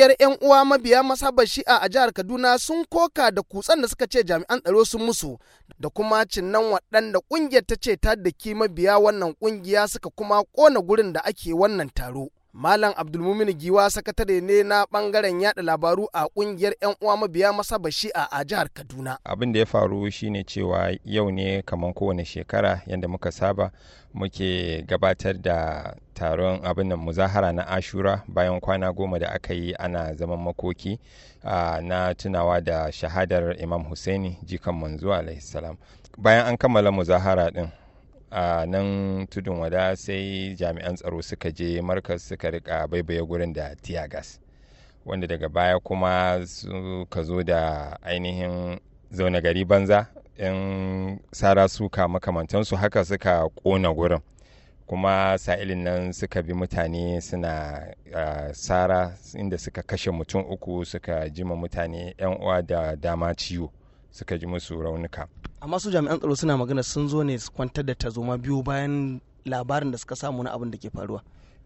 kungiyar 'yan uwa mabiya masabar shi'a a jihar Kaduna sun koka da kutsen da suka ce jami'an tsaro sun musu da kuma cinnan waɗanda kungiyar ta ce ta daki mabiya wannan ƙungiya suka kuma kona gurin da ake wannan taro. Malam Abdulmumin Giwa sakatare ne na bangaren yada labaru a kungiyar 'yan uwa mabiya masa bashi'a a jihar Kaduna. Abin da ya faru shine cewa yau ne kamar kowane shekara yadda muka saba muke gabatar da taron abin nan muzahara na ashura bayan kwana goma da aka yi ana zaman makoki na tunawa da shahadar imam Hussaini jikan manzo alaihi salam bayan an kammala muzahara din a nan tudun wada sai jami'an tsaro suka je markas suka rika baibaye gurin da tiyagas gas wanda daga baya kuma suka zo da ainihin zaune gari banza yan sara suka makamantansu haka suka kona gurin kuma sa'ilin nan suka bi mutane suna sara inda suka kashe mutum uku suka jima mutane 'yan uwa da dama ciwo suka ji musu raunuka amma su jami'an tsaro suna magana sun zo ne su kwantar da tazoma biyu bayan labarin da suka samu na abin da ke faruwa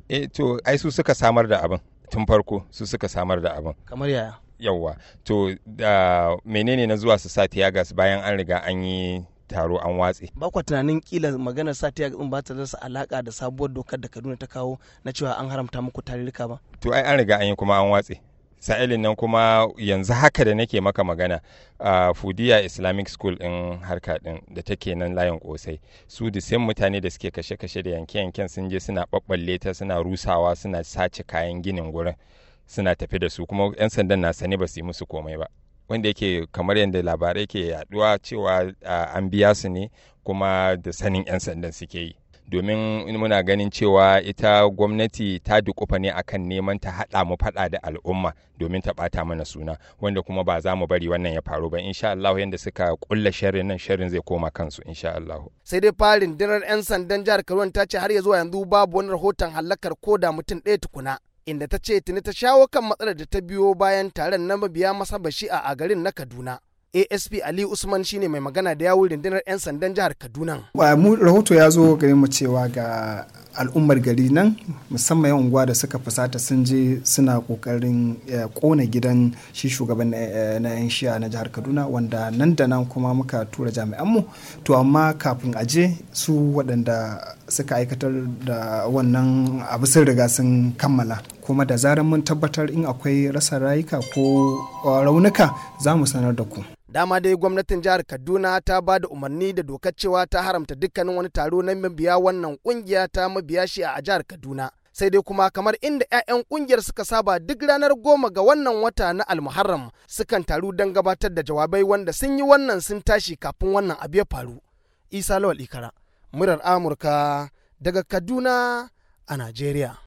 eh to ai su suka samar da abin tun farko su suka samar da abin kamar yaya yawwa to da menene na zuwa su sa tiyagas bayan an riga an yi taro an watse ba kwa tunanin kila magana sa tiyagas ba ta rasa alaka da sabuwar dokar da kaduna ta kawo na cewa an haramta muku ka ba to ai an riga an yi kuma an watse sa'ilin nan kuma yanzu haka da nake maka magana a uh, fudiya islamic school din harka din da take nan layin kosai su da sai mutane da suke kashe-kashe da yanke-yanken sun je suna ɓaɓɓalle ta suna rusawa suna sace kayan ginin gurin suna tafi da su kuma 'yan sandan na sani ba su yi musu komai ba wanda yake kamar yadda labarai ke yaduwa cewa an biya su ne kuma da sanin 'yan sandan suke yi domin muna ganin cewa ita gwamnati ta dukufa ne akan neman ta haɗa mu faɗa da al'umma domin ta ɓata mana suna wanda kuma ba za mu bari wannan ya faru ba insha Allah yanda suka kulla sharrin nan sharrin zai koma kansu insha Allah sai dai farin dinar 'yan sandan jihar Kaduna ta ce har ya zuwa yanzu babu wani rahoton halakar ko da mutum ɗaya tukuna inda ta ce tuni ta shawo kan matsalar da ta biyo bayan taron na mabiya masa bashi a garin na Kaduna asp ali usman shine mai magana da yawun rundunar 'yan sandan jihar kaduna mu rahoto ya zo gare mu cewa ga al'ummar gari nan musamman yan unguwa da suka fusata sun je suna kokarin eh, kona gidan shi shugaban na eh, yan shiya na jihar kaduna wanda nan da nan kuma muka tura jami'an mu to amma kafin aje su waɗanda suka aikatar da wannan abu sun riga sun kammala kuma da zarar mun tabbatar in akwai rasa rayuka ko eh, raunuka za mu sanar da ku dama dai gwamnatin jihar kaduna ta ba da umarni da dokar cewa ta haramta dukkanin wani taro na mabiya wannan kungiya ta mabiya shi a jihar kaduna sai dai kuma kamar inda 'ya'yan kungiyar suka saba duk ranar goma ga wannan wata na almuharram sukan taru don gabatar da jawabai wanda sun yi wannan sun tashi kafin wannan abu ya faru isa lawal ikara murar amurka daga kaduna a najeriya